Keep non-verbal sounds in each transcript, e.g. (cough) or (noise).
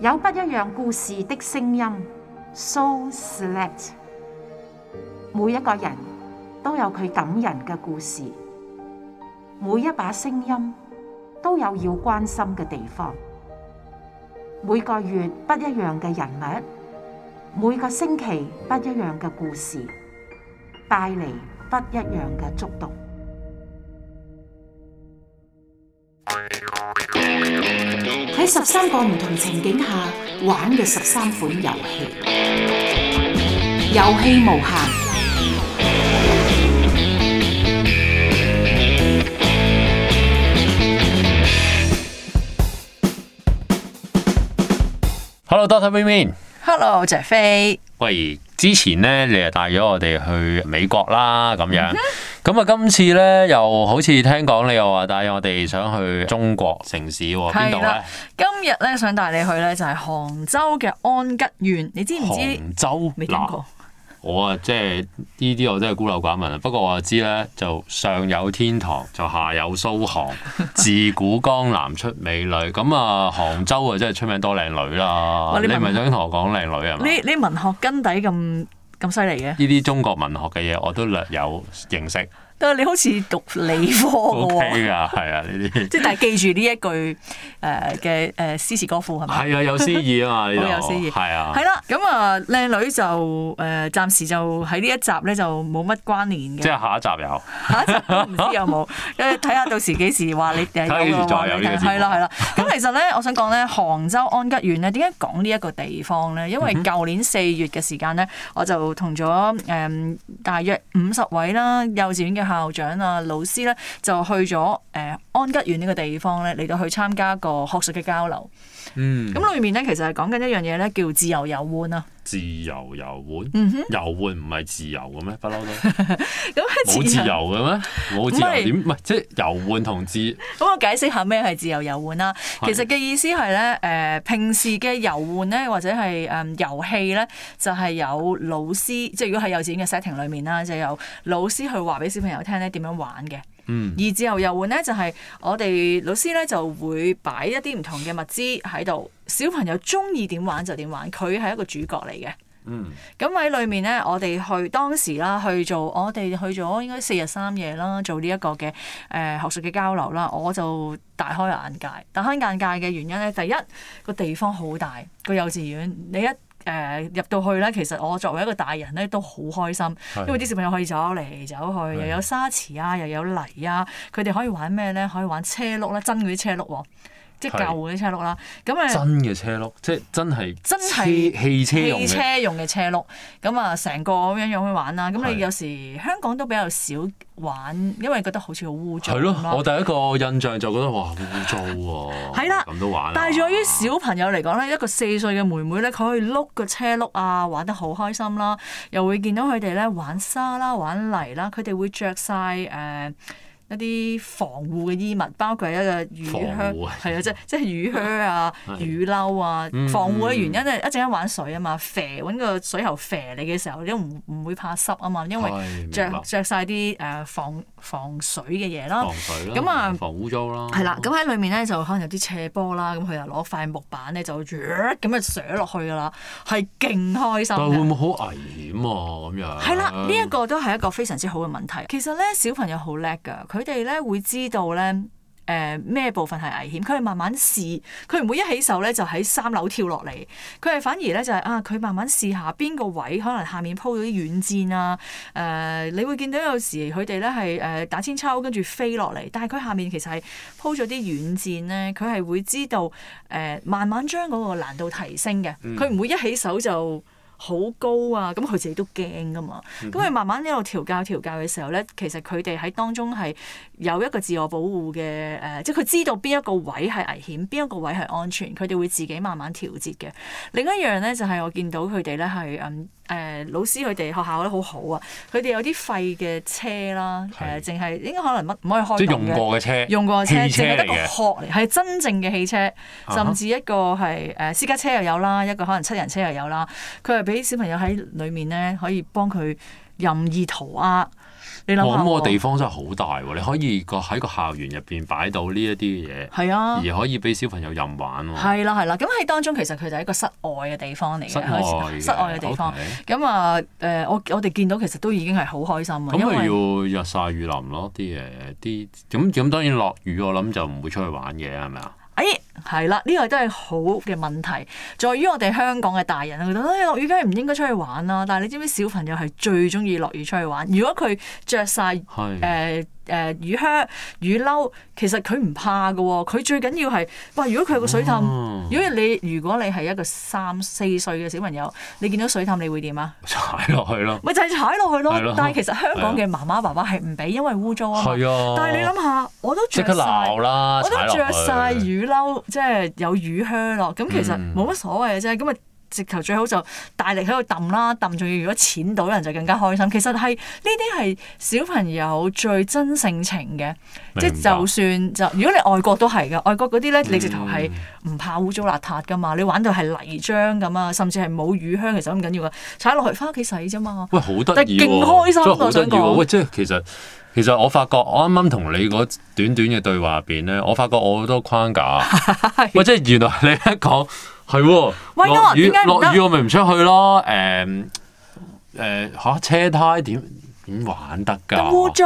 有不一樣故事的聲音，So select。每一個人都有佢感人嘅故事，每一把聲音都有要關心嘅地方。每個月不一樣嘅人物，每個星期不一樣嘅故事，帶嚟不一樣嘅觸動。喺十三個唔同情景下玩嘅十三款遊戲，遊戲無限。Hello，Doctor Vivian。Hello，Jack 飛。喂，之前呢，你又帶咗我哋去美國啦，咁樣。Mm hmm. 咁啊，今次咧，又好似聽講你又話帶我哋想去中國城市喎、啊？邊度咧？呢今日咧，想帶你去咧就係杭州嘅安吉縣。你知唔知？杭州未見過。我啊，即係呢啲我真係孤陋寡聞啊。不過我就知咧，就上有天堂，就下有蘇杭。自古江南出美女，咁 (laughs) 啊，杭州啊，真係出名多靚女啦。你唔係想同我講靚女啊嘛？你你文學根底咁。咁犀利嘅？呢啲中國文學嘅嘢，我都略有認識。但係你好似讀理科嘅喎，OK 啊的，係啊，呢啲即係但係記住呢一句誒嘅誒詩詞歌賦係咪？係啊，有詩意啊嘛，好 (laughs) 有詩意係啊。係啦，咁啊靚女就誒、呃、暫時就喺呢一集咧就冇乜關聯嘅，即係下一集有， (laughs) 下一集我唔知有冇睇，下到時幾時你 (laughs) 你話你誒有咯，再有嘅係啦係啦。咁 (laughs) 其實咧，我想講咧，杭州安吉縣咧，點解講呢一個地方咧？因為舊年四月嘅時間咧，我就同咗誒大約五十位啦幼稚園嘅。校長啊，老師咧就去咗誒、呃、安吉縣呢個地方咧，嚟到去參加一個學術嘅交流。嗯，咁裏面咧其實係講緊一樣嘢咧，叫自由遊玩啊。自由遊玩，嗯、哼遊玩唔係自由嘅咩？不嬲都，冇自由嘅咩？冇自由點？唔係即係遊玩同自。咁我解釋下咩係自由遊玩啦。是其實嘅意思係咧，誒、呃、平時嘅遊玩咧，或者係誒、呃、遊戲咧，就係、是、有老師，即係如果喺幼稚園嘅 setting 裏面啦，就是、有老師去話俾小朋友聽咧點樣玩嘅。而自由遊玩咧，就係我哋老師咧就會擺一啲唔同嘅物資喺度，小朋友中意點玩就點玩，佢係一個主角嚟嘅。嗯，咁喺裏面咧，我哋去當時啦，去做我哋去咗應該四日三夜啦，做呢一個嘅誒學術嘅交流啦，我就大開眼界。大開眼界嘅原因咧，第一個地方好大，個幼稚園你一。誒入到去咧，其實我作為一個大人咧，都好開心，的因為啲小朋友可以走嚟走去，去的又有沙池啊，又有泥啊，佢哋可以玩咩咧？可以玩車轆咧、啊，真嗰啲車轆喎、啊。即係舊嗰啲車碌啦，咁誒真嘅車碌，即係就真係，真係汽車用嘅車碌，咁啊，成個咁樣樣去玩啦。咁你有時香港都比較少玩，因為覺得好似好污糟。係咯，我第一個印象就覺得哇，好污糟喎。係啦的，咁都玩、啊。但係對於小朋友嚟講咧，一個四歲嘅妹妹咧，佢可以碌個車碌啊，玩得好開心啦。又會見到佢哋咧玩沙啦，玩泥啦，佢哋會着晒。誒、呃。一啲防護嘅衣物，包括一個雨靴，係啊，即係即係雨靴啊、雨褸啊。防護嘅原因咧，一陣間玩水啊嘛，肥揾個水喉肥你嘅時候，你都唔唔會怕濕啊嘛，因為着著曬啲誒防防水嘅嘢啦。防水咁啊，防污裝啦。係啦，咁喺裏面咧就可能有啲斜坡啦，咁佢又攞塊木板咧就咁啊錫落去㗎啦，係勁開心。會唔會好危險啊？咁樣係啦，呢一個都係一個非常之好嘅問題。其實咧，小朋友好叻㗎，佢。佢哋咧會知道咧誒咩部分係危險，佢係慢慢試，佢唔會一起手咧就喺三樓跳落嚟。佢係反而咧就係、是、啊，佢慢慢試下邊個位可能下面鋪咗啲軟墊啊。誒、呃，你會見到有時佢哋咧係誒打千秋，跟住飛落嚟，但係佢下面其實係鋪咗啲軟墊咧。佢係會知道誒、呃，慢慢將嗰個難度提升嘅，佢唔會一起手就好高啊！咁佢自己都驚㗎嘛，咁佢慢慢呢度調教調教嘅時候咧，其實佢哋喺當中係有一個自我保護嘅誒、呃，即係佢知道邊一個位係危險，邊一個位係安全，佢哋會自己慢慢調節嘅。另一樣咧就係、是、我見到佢哋咧係嗯。誒、呃、老師佢哋學校咧好好啊，佢哋有啲廢嘅車啦，誒淨係應該可能乜唔可以開用嘅，用過嘅車，用過嘅車淨係車得個殼嚟，係真正嘅汽車，甚至一個係誒、呃、私家車又有啦，一個可能七人車又有啦，佢係俾小朋友喺裡面咧，可以幫佢任意塗鴉。你想想哦、我諗個地方真係好大喎，啊，你可以個喺個校園入邊擺到呢一啲嘢，係啊，而可以俾小朋友任玩喎，啊。係啦，啊，係啦，啊，咁喺當中其實佢就係一個室外嘅地方嚟嘅，室外嘅地方。咁啊 Okay.、嗯，誒、呃，我我哋見到其實都已經係好開心啊。咁啊，要日曬雨淋咯啲嘢，啲咁咁當然落雨，我諗就唔會出去玩嘅，係咪啊？係啦，呢、這個都係好嘅問題，在於我哋香港嘅大人，覺得哎、落雨梗係唔應該出去玩啦、啊。但係你知唔知小朋友係最鍾意落雨出去玩？如果佢着晒。誒的。呃誒雨靴、雨褸、呃，其實佢唔怕嘅喎、哦，佢最緊要係，喂、呃，如果佢有個水凼、嗯，如果你如果你係一個三四歲嘅小朋友，你見到水凼，你會點啊？踩落去咯，咪就係踩落去咯。了但係其實香港嘅媽媽了爸爸係唔俾，因為污糟啊嘛。了但係你諗下，我都着晒，我都着晒雨褸，即係有雨靴咯。咁其實冇乜所謂嘅啫。咁啊、嗯。直頭最好就大力喺度揼啦，揼仲要如果淺到人就更加開心。其實係呢啲係小朋友最真性情嘅。白即係就算就如果你外國都係噶，外國嗰啲咧，你直頭係唔怕污糟邋遢噶嘛，你玩到係泥漿咁啊，甚至係冇雨靴其實唔緊要啊，踩落去返屋企洗啫嘛。喂，好得意，勁開心啊！真係好得意喎！喂、啊，即係其實其實我發覺我啱啱同你嗰短短嘅對話入邊咧，我發覺我好多框架。喂，即係原來你一講。係喎，喂落雨落雨我咪唔出去咯。誒誒嚇，車胎點點玩得㗎？咁污糟。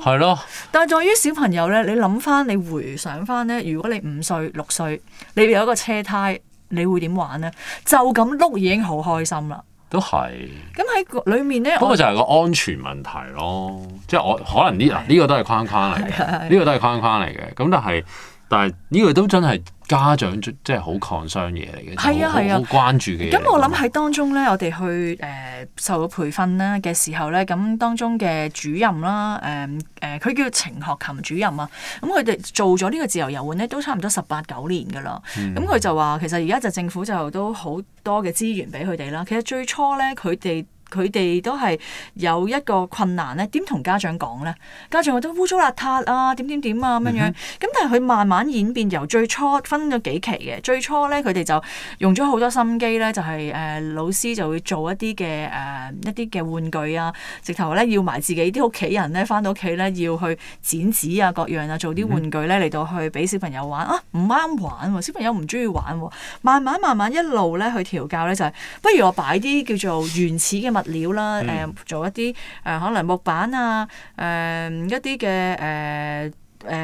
係咯的。但係在於小朋友咧，你諗翻，你回想翻咧，如果你五歲六歲，你有一個車胎，你會點玩咧？就咁碌已經好開心啦。都係是。咁喺裏面咧，不過就係個安全問題咯。即係我可能呢啊呢個都係框框嚟嘅，呢個都係框框嚟嘅。咁的但係。但係呢、這個都真係家長、嗯、即係好抗傷嘢嚟嘅，係啊係啊，好很、啊、關注嘅。咁、嗯嗯、我諗喺當中咧，我哋去誒、呃、受咗培訓咧嘅時候咧，咁當中嘅主任啦，誒、呃、誒，佢、呃、叫程學琴主任啊。咁佢哋做咗呢個自由遊玩咧，都差唔多十八九年㗎啦。咁佢就話其實而家就政府就都好多嘅資源俾佢哋啦。其實最初咧，佢哋。佢哋都係有一個困難咧，點同家長講咧？家長覺得污糟邋遢啊，點點點啊，咁樣樣，咁但係佢慢慢演變，由最初分咗幾期嘅。最初咧，佢哋就用咗好多心機咧，就係、是、誒、呃、老師就會做一啲嘅誒一啲嘅玩具啊，直頭咧要埋自己啲屋企人咧翻到屋企咧要去剪紙啊，各樣啊，做啲玩具咧嚟到去俾小朋友玩啊，唔啱玩、啊、小朋友唔中意玩、啊、慢慢慢慢一路咧去調教咧，就係、是、不如我擺啲叫做原始嘅物料啦，誒、呃、做一啲誒、呃、可能木板啊，誒、呃、一啲嘅誒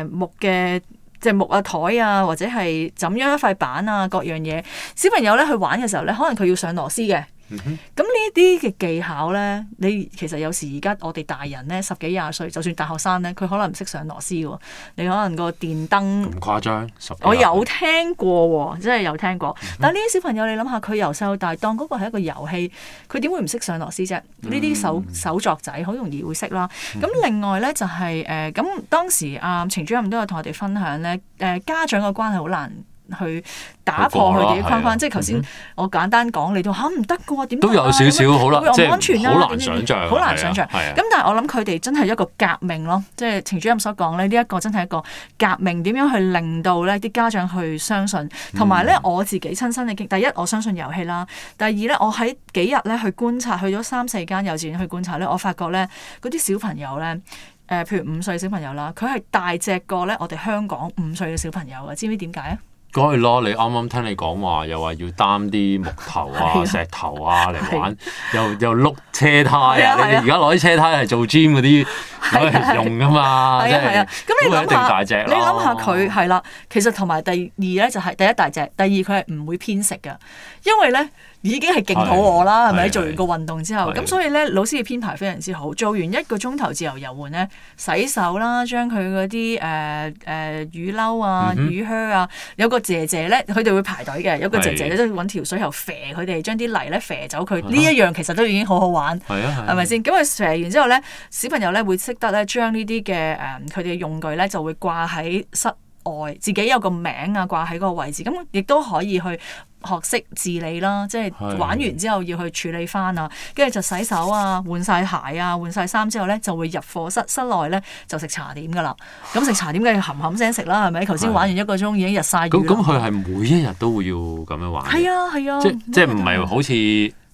誒木嘅即係木啊台啊，或者係怎樣一塊板啊，各樣嘢，小朋友咧去玩嘅時候咧，可能佢要上螺絲嘅。咁呢啲嘅技巧呢，你其實有時而家我哋大人呢，十幾廿歲，就算大學生呢，佢可能唔識上螺絲喎。你可能個電燈咁誇張，我有聽過喎、哦，真係有聽過。但係呢啲小朋友，你諗下佢由細到大，當嗰個係一個遊戲，佢點會唔識上螺絲啫？呢啲、嗯、手手作仔好容易會識啦。咁、嗯、另外呢，就係、是、誒，咁、呃、當時阿、呃、程主任都有同我哋分享呢，誒、呃、家長嘅關係好難。去打破佢哋啲框框，即係頭先我簡單講你都嚇唔得㗎喎，點、啊啊啊、都有少少好安全係、啊、好難想象，好難想象。咁但係我諗佢哋真係一個革命咯，即係程主任所講咧，呢、這、一個真係一個革命，點樣去令到咧啲家長去相信，同埋咧我自己親身嘅經歷。第一，我相信遊戲啦；第二咧，我喺幾日咧去觀察，去咗三四間幼稚園去觀察咧，我發覺咧嗰啲小朋友咧，誒、呃，譬如五歲小朋友啦，佢係大隻過咧我哋香港五歲嘅小朋友呀，知唔知點解啊？係咯，你啱啱聽你講話，又話要擔啲木頭啊、 (laughs) 啊石頭啊嚟玩， (laughs) 啊、又又碌車胎啊！ (laughs) 啊你哋而家攞啲車胎係做 gym 嗰啲，攞嚟、 (laughs) 啊、用噶嘛？真係咁你諗下一定大隻，你諗下佢係啦。其實同埋第二咧、就是，就係第一大、就、隻、是就是，第二佢係唔會偏食嘅，因為咧。已經係勁肚餓啦，係咪做完個運動之後？咁所以咧，老師嘅編排非常之好。做完一個鐘頭自由遊玩咧，洗手啦，將佢嗰啲誒誒雨褸啊、雨靴啊，有個姐姐咧，佢哋會排隊嘅。有個姐姐咧都揾條水喉啡佢哋，將啲泥咧啡走佢。呢一樣其實都已經好好玩。係啊，係咪先？咁佢啡完之後咧，小朋友咧會識得咧將呢啲嘅誒佢哋嘅用具咧就會掛喺室外，自己有個名啊掛喺個位置，咁亦都可以去。學識自理啦，即係玩完之後要去處理翻啊，跟住就洗手啊，換晒鞋啊，換晒衫之後咧就會入課室，室內咧就食茶點噶啦。咁食茶點梗係冚冚聲食啦，係咪？頭先的玩完一個鐘已經日曬雨淋。咁咁佢係每一日都會要咁樣玩。係啊係啊，即即唔係好似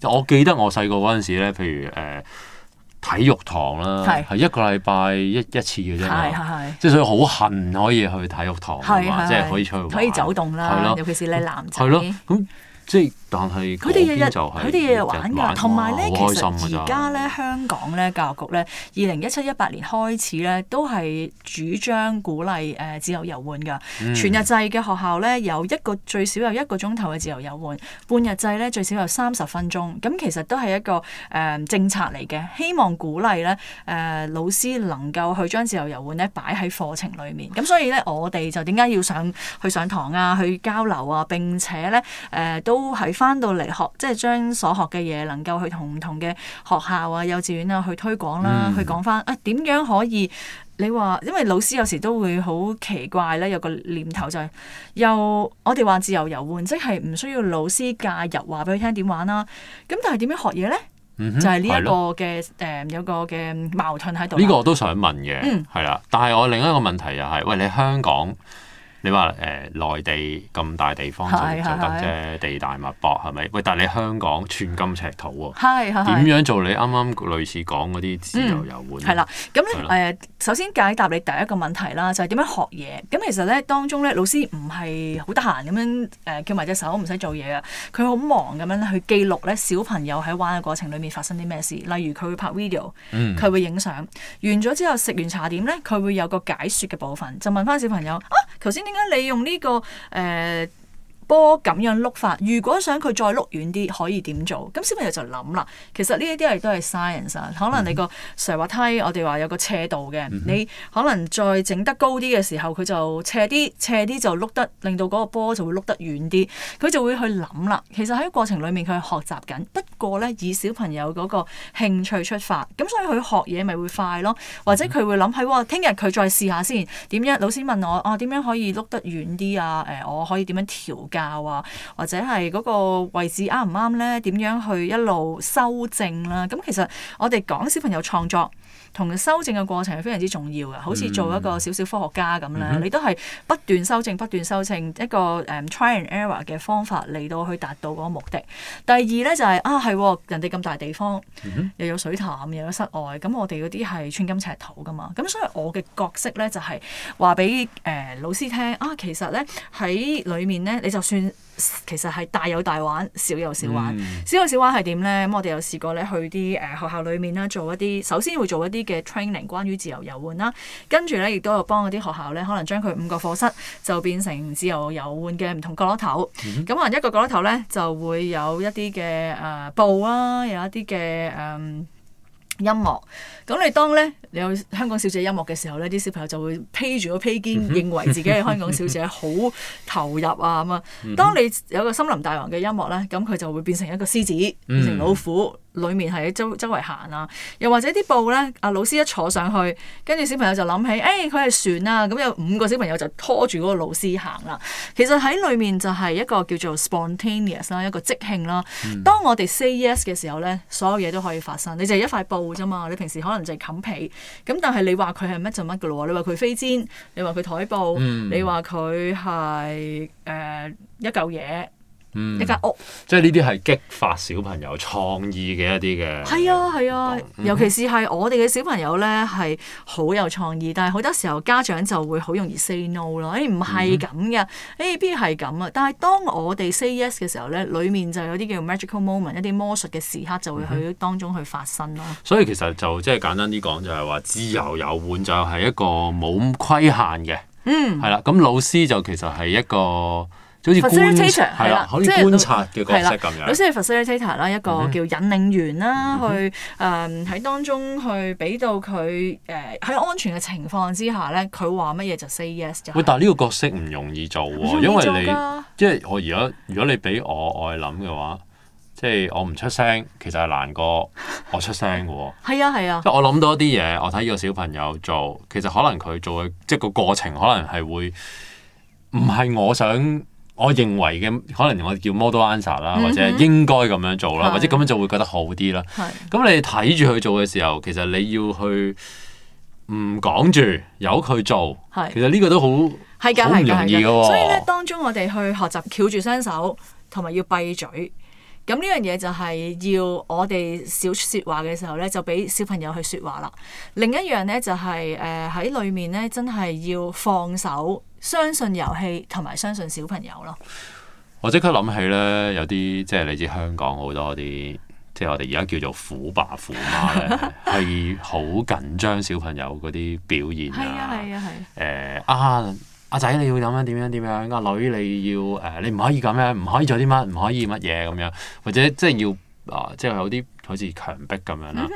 我記得我細個嗰陣時咧，譬如誒。呃體育堂啦，係係一個禮拜一一次嘅啫，係係係，即係所以好恨可以去體育堂啊，係係係即係可以出去，可以走動啦，啦尤其是你男仔。即係但係佢哋日日就係佢哋日日玩噶同埋咧，其實而家咧香港咧教育局咧，二零一七一八年開始咧都係主張鼓勵誒、呃、自由遊玩噶、嗯、全日制嘅學校咧有一個最少有一個鐘頭嘅自由遊玩，半日制咧最少有三十分鐘，咁其實都係一個誒、呃、政策嚟嘅，希望鼓勵咧誒老師能夠去將自由遊玩咧擺喺課程裏面。咁所以咧我哋就點解要上去上堂啊，去交流啊，並且咧誒、呃、都。都係翻到嚟學，即係將所學嘅嘢能夠去同唔同嘅學校啊、幼稚園啊去推廣啦、啊，嗯、去講翻啊點樣可以？你話因為老師有時都會好奇怪咧，有個念頭就係、是、又我哋話自由遊玩，即係唔需要老師介入，話俾佢聽點玩啦、啊。咁但係點樣學嘢咧？嗯、哼就係呢一個嘅誒的、嗯呃、有個嘅矛盾喺度。呢個我都想問嘅，嗯，係啦。但係我另一個問題又、就、係、是，喂，你香港。你話誒、呃、內地咁大地方就做緊啫，地大物博係咪？喂，但係你香港寸金尺土喎，點樣做你啱啱類似講嗰啲自由遊玩？係啦、嗯，咁咧誒，首先解答你第一個問題啦，就係、是、點樣學嘢？咁其實咧當中咧老師唔係好得閒咁樣誒翹埋隻手，唔使做嘢啊，佢好忙咁樣去記錄咧小朋友喺玩嘅過程裡面發生啲咩事，例如佢會拍 video，佢會影相。嗯、完咗之後食完茶點咧，佢會有個解説嘅部分，就問翻小朋友啊，頭先點解你用呢、這個誒？呃波咁樣碌法，如果想佢再碌遠啲，可以點做？咁小朋友就諗啦，其實呢一啲係都係 science 啊。可能你個斜滑梯，我哋話有個斜度嘅，mm hmm. 你可能再整得高啲嘅時候，佢就斜啲，斜啲就碌得，令到嗰個波就會碌得遠啲。佢就會去諗啦。其實喺過程裡面佢學習緊，不過呢，以小朋友嗰個興趣出發，咁所以佢學嘢咪會快咯。或者佢會諗係喎，聽日佢再試下先點樣？老師問我啊，點樣可以碌得遠啲啊？誒、呃，我可以點樣調？教啊，或者係嗰個位置啱唔啱呢？點樣去一路修正啦、啊？咁其實我哋講小朋友創作，同修正嘅過程係非常之重要嘅，好似做一個小小科學家咁啦，mm hmm. 你都係不斷修正、不斷修正一個誒、um, try and error 嘅方法嚟到去達到嗰個目的。第二呢，就係、係、啊，係人哋咁大地方、mm hmm. 又有水潭又有室外，咁我哋嗰啲係寸金尺土噶嘛，咁所以我嘅角色呢，就係話俾誒老師聽啊，其實呢，喺裡面呢，你就算。其實係大有大玩，小有小玩。嗯、小有小玩係點呢？咁我哋有試過咧，去啲誒學校裏面啦，做一啲首先會做一啲嘅 training，關於自由遊玩啦。跟住呢，亦都有幫嗰啲學校呢，可能將佢五個課室就變成自由遊玩嘅唔同角落頭。咁、嗯、哼可能一個角落頭呢，就會有一啲嘅誒布啊，有一啲嘅誒。呃音樂。咁你當咧，你有香港小姐音樂嘅時候咧，啲小朋友就會披住個披肩，嗯、哼認為自己係香港小姐，好 (laughs) 投入啊咁啊。嗯、哼當你有個森林大王嘅音樂咧，咁佢就會變成一個獅子，嗯、變成老虎。裏面喺周周圍行啦，又或者啲布咧，阿老師一坐上去，跟住小朋友就諗起，誒、哎，佢係船啦，啊、咁、嗯、有五個小朋友就拖住嗰個老師行啦。其實喺裏面就係一個叫做 spontaneous 啦，一個即興啦。嗯、當我哋 say yes 嘅時候咧，所有嘢都可以發生。你就係一塊布咋嘛？你平時可能就係冚被，咁但係你話佢係乜就乜噶咯？你話佢飛氈，你話佢台布，嗯、你話佢係誒一嚿嘢。一間屋，嗯、即係呢啲係激發小朋友創意嘅一啲嘅。係啊，係啊，嗯、尤其是係我哋嘅小朋友咧，係好有創意。但係好多時候家長就會好容易 say no 啦、哎。誒唔係咁嘅，誒邊係咁啊？但係當我哋 say yes 嘅時候咧，裡面就有啲叫 magical moment，一啲魔術嘅時刻就會去當中去發生咯。嗯、哼所以其實就即係簡單啲講，就係話自由遊玩就係一個冇規限嘅。嗯，係啦。咁老師就其實係一個。好似 facilitator 係啦，可以觀察嘅角色咁樣。首先係 facilitator 啦，ator，一個叫引領員啦，嗯、哼去誒喺、um，當中去俾到佢誒喺安全嘅情況之下咧，佢話乜嘢就 say yes。喂，但係呢個角色唔容易做喎、哦，做因為你即係、就是、我而家，如果你俾我我係諗嘅話，即、就、係、是、我唔出聲，其實係難過我出聲嘅喎、哦。係啊係啊，即我諗到一啲嘢，我睇呢個小朋友做，其實可能佢做嘅即係個過程，可能係會唔係我想。我認為嘅可能我叫 model answer 啦、嗯哼，或者應該咁樣做啦，的或者咁樣就會覺得好啲啦。咁的你睇住佢做嘅時候，其實你要去唔講住，由佢做。的其實呢個都好好的唔容易㗎，所以咧，當中我哋去學習翹住雙手，同埋要閉嘴。咁呢樣嘢就係要我哋少說話嘅時候呢，就俾小朋友去說話啦。另一樣呢，就係誒喺裡面呢，真係要放手，相信遊戲同埋相信小朋友咯。我即刻諗起呢，有啲即係你知香港好多啲，即係我哋而家叫做虎爸虎媽咧，係好 (laughs) 緊張小朋友嗰啲表現啊，係啊係啊係啊！阿仔你要咁樣點樣點樣？阿女你要誒，你唔可以咁樣，唔可以做啲乜，唔可以乜嘢咁樣，或者即係要啊，即係、呃、有啲好似強迫咁樣啦。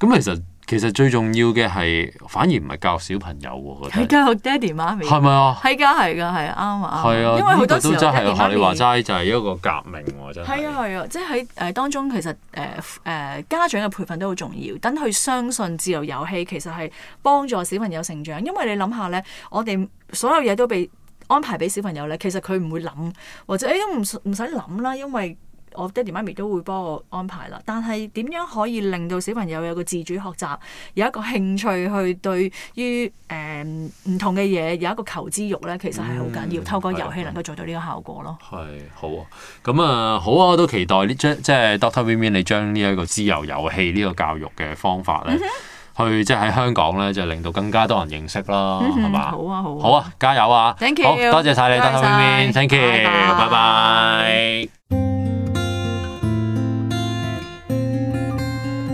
咁 Okay. 其實～其實最重要嘅係，反而唔係教小朋友喎，係教爹哋媽咪。係咪啊？係㗎，係㗎，係啱啊！係啊，因為好多時，都係學你話齋就係一個革命喎，啊，真係。係啊係啊，即係喺誒當中，其實誒誒家長嘅培訓都好重要。等佢相信自由遊戲其實係幫助小朋友成長。因為你諗下咧，我哋所有嘢都被安排俾小朋友咧，其實佢唔會諗，或者誒都唔唔使諗啦，因為。我爹哋媽咪都會幫我安排啦，但係點樣可以令到小朋友有個自主學習，有一個興趣去對於誒唔同嘅嘢有一個求知欲咧，其實係好緊要。透過遊戲能夠做到呢個效果咯。係好啊，咁啊好啊，我都期待呢將即係 Doctor Vivian 你將呢一個自由遊戲呢個教育嘅方法咧，去即係喺香港咧就令到更加多人認識啦，係嘛？好啊好啊，加油啊！Thank you，多謝晒你 Doctor Vivian，Thank you，拜拜。